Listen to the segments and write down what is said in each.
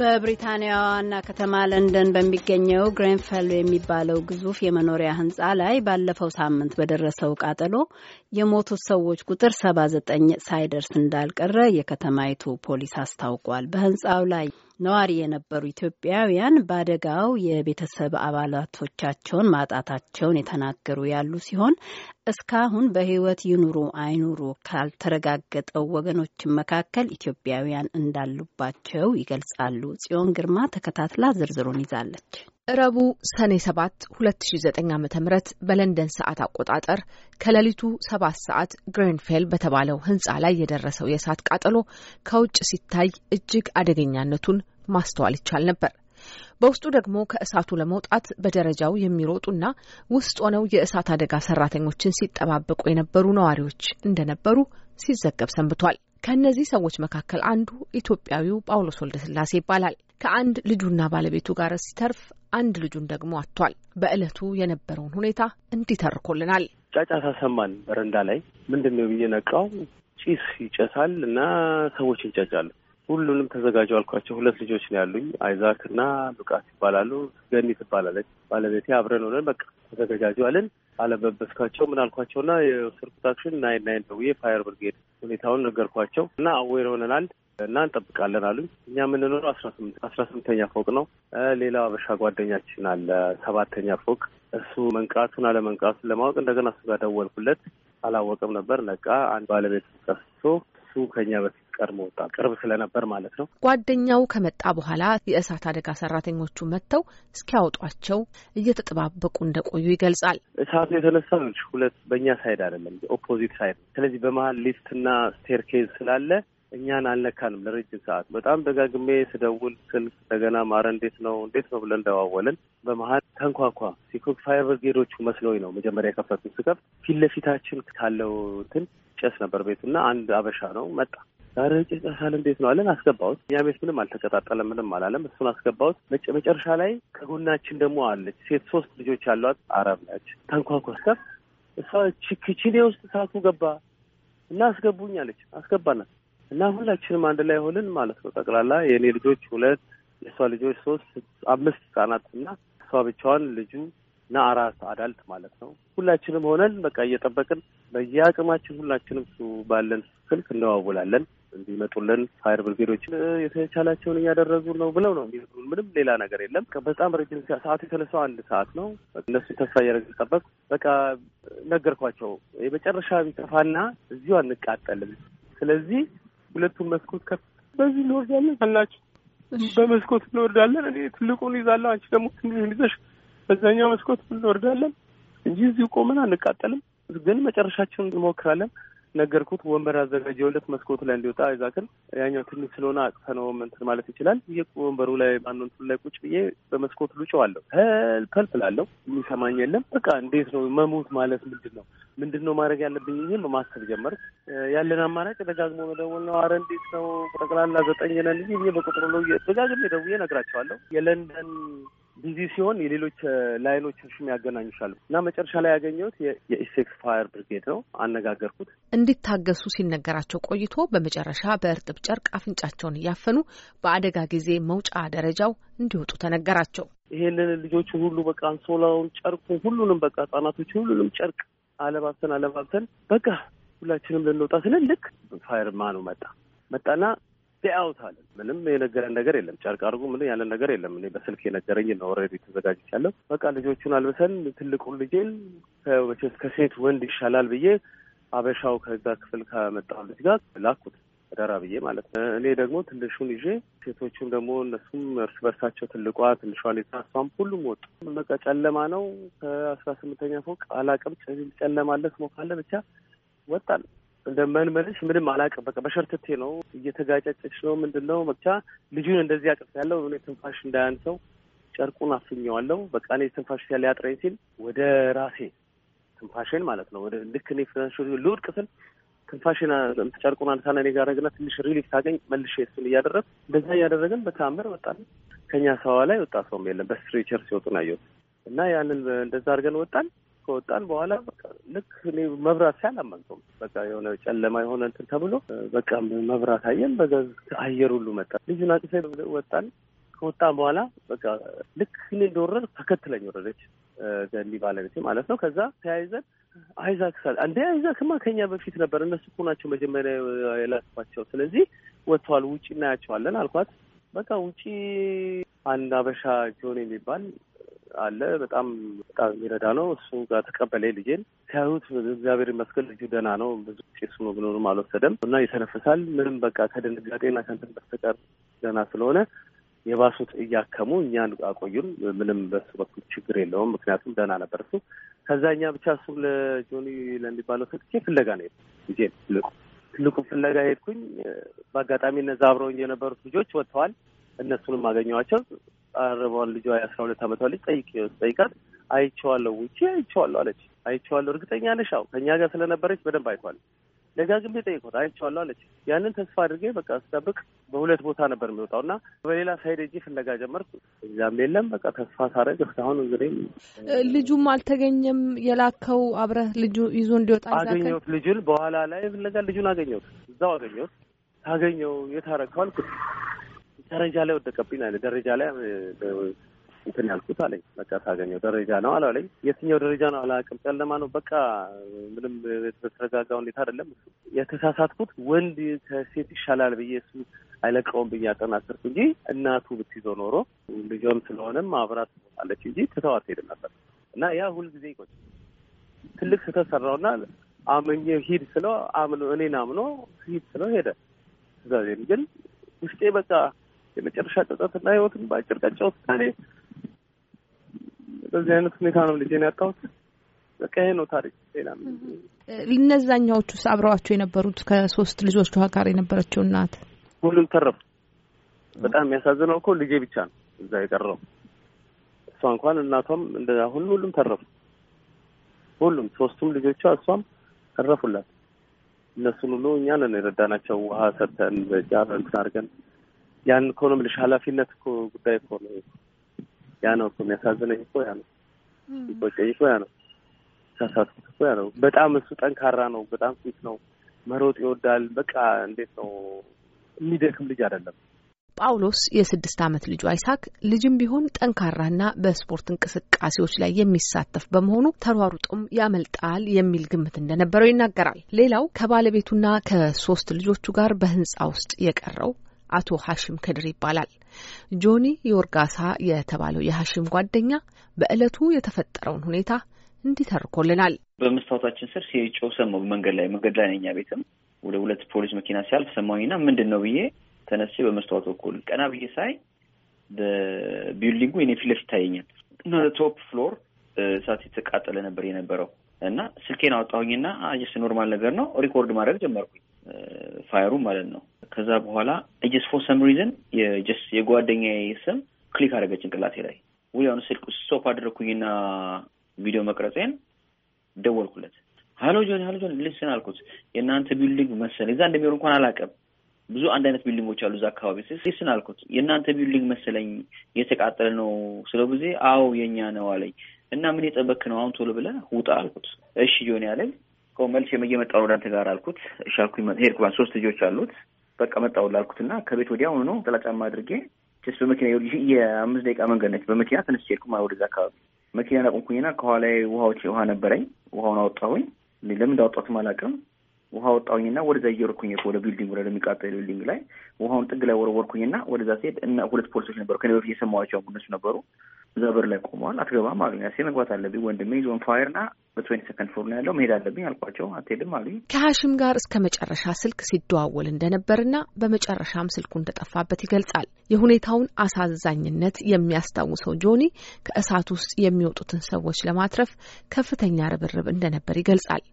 በብሪታንያ ዋና ከተማ ለንደን በሚገኘው ግሬንፈል የሚባለው ግዙፍ የመኖሪያ ህንፃ ላይ ባለፈው ሳምንት በደረሰው ቃጠሎ የሞቱት ሰዎች ቁጥር 79 ሳይደርስ እንዳልቀረ የከተማይቱ ፖሊስ አስታውቋል። በህንፃው ላይ ነዋሪ የነበሩ ኢትዮጵያውያን በአደጋው የቤተሰብ አባላቶቻቸውን ማጣታቸውን የተናገሩ ያሉ ሲሆን እስካሁን በሕይወት ይኑሩ አይኑሩ ካልተረጋገጠው ወገኖችን መካከል ኢትዮጵያውያን እንዳሉባቸው ይገልጻሉ። ጽዮን ግርማ ተከታትላ ዝርዝሩን ይዛለች። ረቡ ሰኔ 7 2009 ዓ.ም በለንደን ሰዓት አቆጣጠር ከሌሊቱ 7 ሰዓት ግሬንፌል በተባለው ህንፃ ላይ የደረሰው የእሳት ቃጠሎ ከውጭ ሲታይ እጅግ አደገኛነቱን ማስተዋል ይቻል ነበር። በውስጡ ደግሞ ከእሳቱ ለመውጣት በደረጃው የሚሮጡና ውስጥ ሆነው የእሳት አደጋ ሰራተኞችን ሲጠባበቁ የነበሩ ነዋሪዎች እንደነበሩ ሲዘገብ ሰንብቷል። ከእነዚህ ሰዎች መካከል አንዱ ኢትዮጵያዊው ጳውሎስ ወልደስላሴ ይባላል። ከአንድ ልጁና ባለቤቱ ጋር ሲተርፍ አንድ ልጁን ደግሞ አጥቷል። በእለቱ የነበረውን ሁኔታ ተርኮልናል። ጫጫታ ሰማን በረንዳ ላይ ምንድን ነው ብዬ ነቃው። ጭስ ይጨሳል እና ሰዎች ይንጫጫሉ። ሁሉንም ተዘጋጁ አልኳቸው። ሁለት ልጆች ነው ያሉኝ፣ አይዛክ እና ብቃት ይባላሉ። ገኒ ትባላለች ባለቤቴ። አብረን ሆነን በቃ ተዘጋጁ አለን። አለበበስኳቸው ምን አልኳቸውና የወሰድኩት አክሽን ናይን ናይን ደውዬ ፋየር ብርጌድ ሁኔታውን ነገርኳቸው እና አዌር ሆነናል እና እንጠብቃለን አሉኝ። እኛ የምንኖረው አስራ ስምንት አስራ ስምንተኛ ፎቅ ነው። ሌላው አበሻ ጓደኛችን አለ ሰባተኛ ፎቅ። እሱ መንቃቱን አለመንቃቱን ለማወቅ እንደገና እሱ ጋር ደወልኩለት። አላወቅም ነበር። ነቃ። አንድ ባለቤት ቀስሶ እሱ ከኛ በፊት ቀድሞ ወጣ፣ ቅርብ ስለነበር ማለት ነው። ጓደኛው ከመጣ በኋላ የእሳት አደጋ ሰራተኞቹ መጥተው እስኪያወጧቸው እየተጠባበቁ እንደቆዩ ይገልጻል። እሳቱ የተነሳው ሁለት በእኛ ሳይድ አይደለም፣ ኦፖዚት ሳይድ። ስለዚህ በመሀል ሊፍትና ስቴርኬዝ ስላለ እኛን አልነካንም ለረጅም ሰዓት። በጣም ደጋግሜ ስደውል ስልክ እንደገና ማረ እንዴት ነው እንዴት ነው ብለን ደዋወልን። በመሀል ተንኳኳ። ሲኮክ ፋየር ብርጌዶቹ መስሎኝ ነው መጀመሪያ የከፈቱ። ስከፍት ፊት ለፊታችን ካለው እንትን ጭስ ነበር ቤቱ እና አንድ አበሻ ነው መጣ። ኧረ ጭጨሳል እንዴት ነው አለን። አስገባሁት። እኛ ቤት ምንም አልተቀጣጠለም፣ ምንም አላለም። እሱን አስገባሁት። መጨረሻ ላይ ከጎናችን ደግሞ አለች ሴት፣ ሶስት ልጆች ያሏት አረብ ተንኳኮስከፍ እሷ ኪችኔ ውስጥ እሳቱ ገባ እና አስገቡኝ አለች። አስገባናት እና ሁላችንም አንድ ላይ ሆንን ማለት ነው። ጠቅላላ የእኔ ልጆች ሁለት፣ የእሷ ልጆች ሶስት፣ አምስት ህጻናት እና እሷ ብቻዋን ልጁ እና አራት አዳልት ማለት ነው። ሁላችንም ሆነን በቃ እየጠበቅን በየአቅማችን ሁላችንም ባለን ስልክ እንለዋውላለን። እንዲመጡልን ፋይር ብርጌዶችን የተቻላቸውን እያደረጉ ነው ብለው ነው የሚነግሩን። ምንም ሌላ ነገር የለም። በጣም ረጅም ሰዓት የተነሳው አንድ ሰዓት ነው። እነሱ ተስፋ እያደረግን ጠበቅ በቃ ነገርኳቸው። የመጨረሻ ቢጠፋና እዚሁ አንቃጠልም። ስለዚህ ሁለቱን መስኮት ከፍ በዚህ እንወርዳለን አላቸው። በመስኮት እንወርዳለን። እኔ ትልቁን ይዛለሁ፣ አንቺ ደግሞ ትንሽ ይዘሽ በዛኛው መስኮት እንወርዳለን እንጂ እዚሁ ቆመን አንቃጠልም። ግን መጨረሻችን እንሞክራለን። ነገርኩት። ወንበር አዘጋጀውለት መስኮቱ ላይ እንዲወጣ ይዛክን ያኛው ትንሽ ስለሆነ አቅፈ ነው እንትን ማለት ይችላል። ወንበሩ ላይ ማንንቱ ላይ ቁጭ ብዬ በመስኮት ልጮዋለሁ። ሄልፕ ሄልፕ እላለሁ። የሚሰማኝ የለም። በቃ እንዴት ነው መሞት ማለት ምንድን ነው? ምንድን ነው ማድረግ ያለብኝ? ይህን ማሰብ ጀመርኩ። ያለን አማራጭ ደጋግሞ መደወል ነው። አረ እንዴት ነው ጠቅላላ ዘጠኝ ነን ብዬ በቁጥሩ ነው ደጋግሜ ደውዬ እነግራቸዋለሁ የለንደን ቢዚ ሲሆን የሌሎች ላይኖችሽም ያገናኙሻሉ እና መጨረሻ ላይ ያገኘሁት የኢሴክስ ፋየር ብርጌድ ነው። አነጋገርኩት። እንዲታገሱ ሲነገራቸው ቆይቶ በመጨረሻ በእርጥብ ጨርቅ አፍንጫቸውን እያፈኑ በአደጋ ጊዜ መውጫ ደረጃው እንዲወጡ ተነገራቸው። ይሄንን ልጆችን ሁሉ በቃ አንሶላውን፣ ጨርቁን፣ ሁሉንም በቃ ህጻናቶች ሁሉንም ጨርቅ አለባብሰን አለባብሰን በቃ ሁላችንም ልንወጣ ስንል ልክ ፋየርማኑ መጣ መጣና አለ። ምንም የነገረን ነገር የለም። ጨርቅ አድርጎ ምን ያለን ነገር የለም። እኔ በስልክ የነገረኝ ነው። ኦልሬዲ ተዘጋጅች ያለው በቃ ልጆቹን አልብሰን ትልቁን ልጄን ከሴት ወንድ ይሻላል ብዬ አበሻው ከዛ ክፍል ከመጣው ልጅ ጋር ላኩት ደራ ብዬ ማለት ነው። እኔ ደግሞ ትንሹን ይዤ ሴቶቹም ደግሞ እነሱም እርስ በርሳቸው ትልቋ ትንሿ ሌታሷም ሁሉም ወጡ። በቃ ጨለማ ነው። ከአስራ ስምንተኛ ፎቅ አላቅም ጨለማለት ሞካለ ብቻ ወጣን። እንደ እንደምንመልሽ ምንም አላውቅም። በቃ በሸርትቴ ነው እየተጋጨጨች ነው ምንድን ነው ብቻ ልጁን እንደዚህ አቅፍ ያለው እኔ ትንፋሽ እንዳያንሰው ጨርቁን አፍኘዋለሁ። በቃ እኔ ትንፋሽ ሲያ ያጥረኝ ሲል ወደ ራሴ ትንፋሽን ማለት ነው ወደ ልክ እኔ ፍናንሽ ልውድቅ ስል ትንፋሽን ጨርቁን አንሳና እኔ ጋር ግና ትንሽ ሪሊፍ ታገኝ መልሼ እሱን እያደረግ እንደዛ እያደረግን በተአምር ወጣን። ከኛ ሰዋ ላይ ወጣ ሰውም የለም። በስትሬቸር ሲወጡ ነው ያየሁት እና ያንን እንደዛ አድርገን ወጣን። ከወጣን በኋላ ልክ እኔ መብራት ሲያል አመንከው በቃ የሆነ ጨለማ የሆነ እንትን ተብሎ በቃ መብራት አየን። በጋዝ አየር ሁሉ መጣ። ልጁን አቅፌ ወጣን። ከወጣን በኋላ በቃ ልክ እኔ እንደወረድ ተከትለኝ ወረደች፣ ገሊ ባለቤቴ ማለት ነው። ከዛ ተያይዘን አይዛክ ሳል እንደ አይዛክማ ከኛ በፊት ነበር። እነሱ እኮ ናቸው መጀመሪያ የላስባቸው። ስለዚህ ወጥተዋል፣ ውጭ እናያቸዋለን አልኳት። በቃ ውጪ አንድ አበሻ ጆን የሚባል አለ። በጣም በጣም የሚረዳ ነው። እሱ ጋር ተቀበለ ልጄን። ሲያዩት እግዚአብሔር ይመስገን ልጁ ደህና ነው። ብዙ ጭስ ምግኑንም አልወሰደም እና ይተነፍሳል። ምንም በቃ ከድንጋጤና ከንትን በስተቀር ደህና ስለሆነ የባሱት እያከሙ እኛን አቆዩን። ምንም በሱ በኩል ችግር የለውም፣ ምክንያቱም ደህና ነበር እሱ። ከዛ እኛ ብቻ እሱም ለጆኒ ለሚባለው ሰጥቼ ፍለጋ ነው ልጄን ትልቁ ትልቁ ፍለጋ ሄድኩኝ። በአጋጣሚ እነዛ አብረውኝ የነበሩት ልጆች ወጥተዋል። እነሱንም አገኘዋቸው። የምትቀርበዋን ልጇ የአስራ ሁለት አመቷ ልጅ ጠይቅ ጠይቃት አይቼዋለሁ፣ ውጪ አይቼዋለሁ አለች። አይቼዋለሁ እርግጠኛ ነሽ? አዎ ከእኛ ጋር ስለነበረች በደንብ አይቷል። ደጋግሜ ጠይቆት አይቼዋለሁ አለች። ያንን ተስፋ አድርጌ በቃ ስጠብቅ በሁለት ቦታ ነበር የሚወጣው እና በሌላ ሳይድ እጅ ፍለጋ ጀመርኩ። እዛም የለም በቃ ተስፋ ሳረግ እስካሁን እንግዲህ ልጁም አልተገኘም። የላከው አብረህ ልጁ ይዞ እንዲወጣ አገኘሁት። ልጁን በኋላ ላይ ፍለጋ ልጁን አገኘሁት፣ እዛው አገኘሁት። ታገኘው የታረከዋል ደረጃ ላይ ወደቀብኝ አለ። ደረጃ ላይ እንትን ያልኩት አለኝ። በቃ ሳገኘው ደረጃ ነው አላለኝ። የትኛው ደረጃ ነው አላውቅም። ጨለማ ነው በቃ ምንም በተረጋጋ ሁኔታ አይደለም። የተሳሳትኩት ወንድ ከሴት ይሻላል ብዬ እሱ አይለቀውም ብዬ አጠናሰርኩ እንጂ እናቱ ብትይዘው ኖሮ ልጆን ስለሆነም አብራት አለች እንጂ ትተዋት ሄድ ነበር እና ያ ሁልጊዜ ይቆጭ ትልቅ ስህተት ሰራውና አምኜ ሂድ ስለው አምኖ እኔን አምኖ ሂድ ስለው ሄደ። እግዚአብሔር ግን ውስጤ በቃ የመጨረሻ ጸጸትና ህይወትን በአጭር ቀጫ ውሳኔ በዚህ አይነት ሁኔታ ነው ልጄን ያጣሁት። በቃ ይሄ ነው ታሪክ። ሌላ እነዛኛዎቹ አብረዋቸው የነበሩት ከሶስት ልጆቿ ጋር የነበረችው እናት ሁሉም ተረፉ። በጣም የሚያሳዝነው እኮ ልጄ ብቻ ነው እዛ የቀረው። እሷ እንኳን እናቷም እንደዛ ሁሉ ሁሉም ተረፉ። ሁሉም ሶስቱም ልጆቿ እሷም ተረፉላት። እነሱን ሁሉ እኛ ነን የረዳናቸው ውሃ ሰጥተን በጃር አድርገን ያን እኮ ነው የምልሽ። ኃላፊነት እኮ ጉዳይ እኮ ነው። ያ ነው እኮ የሚያሳዝነኝ እኮ ያ ነው የሚቆጨኝ እኮ ያ ነው ሳሳትኩት እኮ ያ ነው። በጣም እሱ ጠንካራ ነው። በጣም ፊት ነው። መሮጥ ይወዳል። በቃ እንዴት ነው የሚደክም ልጅ አይደለም። ጳውሎስ የስድስት ዓመት ልጁ አይሳክ ልጅም ቢሆን ጠንካራና በስፖርት እንቅስቃሴዎች ላይ የሚሳተፍ በመሆኑ ተሯሩጦም ያመልጣል የሚል ግምት እንደነበረው ይናገራል። ሌላው ከባለቤቱና ከሶስት ልጆቹ ጋር በሕንፃ ውስጥ የቀረው አቶ ሀሽም ከድር ይባላል። ጆኒ ዮርጋሳ የተባለው የሀሽም ጓደኛ በእለቱ የተፈጠረውን ሁኔታ እንዲህ ተርኮልናል። በመስታወታችን ስር ሲጮ ሰማሁ። መንገድ ላይ መንገድ ላይ ነኝ። ቤትም ወደ ሁለት ፖሊስ መኪና ሲያልፍ ሰማኝና ምንድን ነው ብዬ ተነስቼ በመስታወት በኩል ቀና ብዬ ሳይ በቢልዲንጉ የኔ ፊት ለፊት ይታየኛል እና ቶፕ ፍሎር እሳት የተቃጠለ ነበር የነበረው እና ስልኬን አወጣሁኝና ስ ኖርማል ነገር ነው ሪኮርድ ማድረግ ጀመርኩኝ ፋየሩ ማለት ነው ከዛ በኋላ ጀስት ፎር ሰም ሪዝን የጀስ የጓደኛዬ ስም ክሊክ አደረገች ጭንቅላቴ ላይ። ወዲያውኑ ስልክ ስቶፕ አደረግኩኝና ቪዲዮ መቅረጽን ደወልኩለት። ሀሎ ጆኒ፣ ሀሎ ጆኒ ልስን አልኩት። የእናንተ ቢልዲንግ መሰለኝ እዛ እንደሚሆን እንኳን አላውቅም። ብዙ አንድ አይነት ቢልዲንጎች አሉ እዛ አካባቢ። ልስን አልኩት። የእናንተ ቢልዲንግ መሰለኝ የተቃጠለ ነው ስለው ጊዜ አዎ የእኛ ነው አለኝ። እና ምን የጠበክ ነው አሁን ቶሎ ብለህ ውጣ አልኩት። እሺ ጆኒ አለኝ። መልስ የመየመጣ ወደ አንተ ጋር አልኩት። እሺ አልኩኝ። ሄድኩ። ሶስት ልጆች አሉት በቃ መጣሁ ላልኩትና ከቤት ወዲያ ሆኖ ጥላጫማ አድርጌ ስ በመኪና የአምስት ደቂቃ መንገድ ነች። በመኪና ተነስቼ ሄድኩ ወደዛ አካባቢ። መኪና አቆምኩኝና ከኋላ ውሃዎች ውሃ ነበረኝ። ውሃውን አወጣሁኝ። ለምን እንዳወጣሁትም አላውቅም። ውሃ ወጣሁኝና ወደዛ እየወረኩኝ ወደ ቢልዲንግ ወደ የሚቃጠል ቢልዲንግ ላይ ውሃውን ጥግ ላይ ወረወርኩኝና ወደዛ ስሄድ እና ሁለት ፖሊሶች ነበሩ ከኔ በፊት የሰማኋቸው እነሱ ነበሩ። እዛ በር ላይ ቆመዋል። አትገባም አሉኝ። ሴ መግባት አለብኝ ወንድሜ ዞን ፋየር ና በትዌንቲ ሰከንድ ፍሎር ነው ያለው መሄድ አለብኝ አልኳቸው። አትሄድም አሉኝ። ከሀሽም ጋር እስከ መጨረሻ ስልክ ሲደዋወል እንደነበርና በመጨረሻም ስልኩ እንደጠፋበት ይገልጻል። የሁኔታውን አሳዛኝነት የሚያስታውሰው ጆኒ ከእሳት ውስጥ የሚወጡትን ሰዎች ለማትረፍ ከፍተኛ ርብርብ እንደነበር ይገልጻል።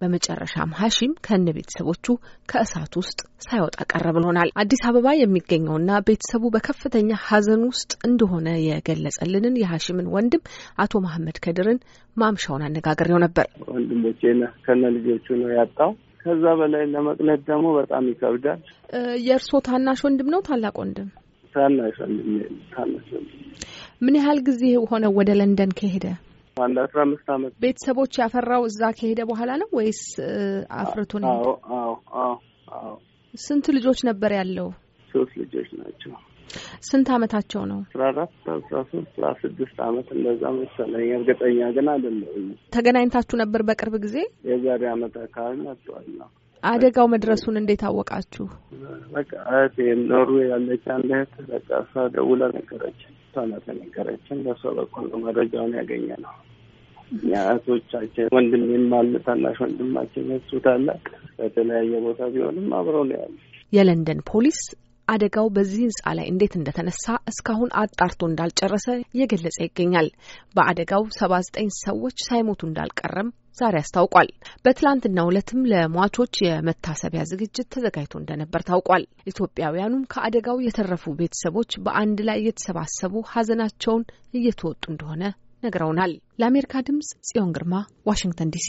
በመጨረሻም ሀሺም ከነ ቤተሰቦቹ ከእሳት ውስጥ ሳይወጣ ቀረ ብሎናል። አዲስ አበባ የሚገኘውና ቤተሰቡ በከፍተኛ ሀዘን ውስጥ እንደሆነ የገለጸልንን የሀሺምን ወንድም አቶ መሀመድ ከድርን ማምሻውን አነጋግሬው ነበር። ወንድሞቼ ከነ ልጆቹ ነው ያጣው። ከዛ በላይ ለመቅለድ ደግሞ በጣም ይከብዳል። የእርስዎ ታናሽ ወንድም ነው ታላቅ ወንድም? ታናሽ ወንድም። ታናሽ ወንድም ምን ያህል ጊዜ ሆነ ወደ ለንደን ከሄደ? አንድ አስራ አምስት አመት ቤተሰቦች ያፈራው እዛ ከሄደ በኋላ ነው ወይስ አፍርቶ ነው? አዎ አዎ አዎ። አዎ። ስንት ልጆች ነበር ያለው? ሶስት ልጆች ናቸው። ስንት አመታቸው ነው? አስራ አራት አስራ ሶስት አስራ ስድስት አመት እንደዛ መሰለኝ፣ እርግጠኛ ግን አይደለሁም። ተገናኝታችሁ ነበር በቅርብ ጊዜ? የዛሬ አመት አካባቢ መጥተዋል ነው አደጋው መድረሱን እንዴት አወቃችሁ? በቃ እህቴ ኖርዌይ ያለች አንድ እህት በቃ እሷ ደውላ ነገረችን። እሷ ናት የነገረችን። በእሷ በኩል ነው መረጃውን ያገኘ ነው። እኛ እህቶቻችን፣ ወንድሜም አለ ታናሽ ወንድማችን እሱ ታላቅ በተለያየ ቦታ ቢሆንም አብረው ነው ያሉ። የለንደን ፖሊስ አደጋው በዚህ ህንጻ ላይ እንዴት እንደተነሳ እስካሁን አጣርቶ እንዳልጨረሰ እየገለጸ ይገኛል። በአደጋው ሰባ ዘጠኝ ሰዎች ሳይሞቱ እንዳልቀረም ዛሬ አስታውቋል። በትላንትና ዕለትም ለሟቾች የመታሰቢያ ዝግጅት ተዘጋጅቶ እንደነበር ታውቋል። ኢትዮጵያውያኑም ከአደጋው የተረፉ ቤተሰቦች በአንድ ላይ እየተሰባሰቡ ሀዘናቸውን እየተወጡ እንደሆነ ነግረውናል። ለአሜሪካ ድምጽ ጽዮን ግርማ ዋሽንግተን ዲሲ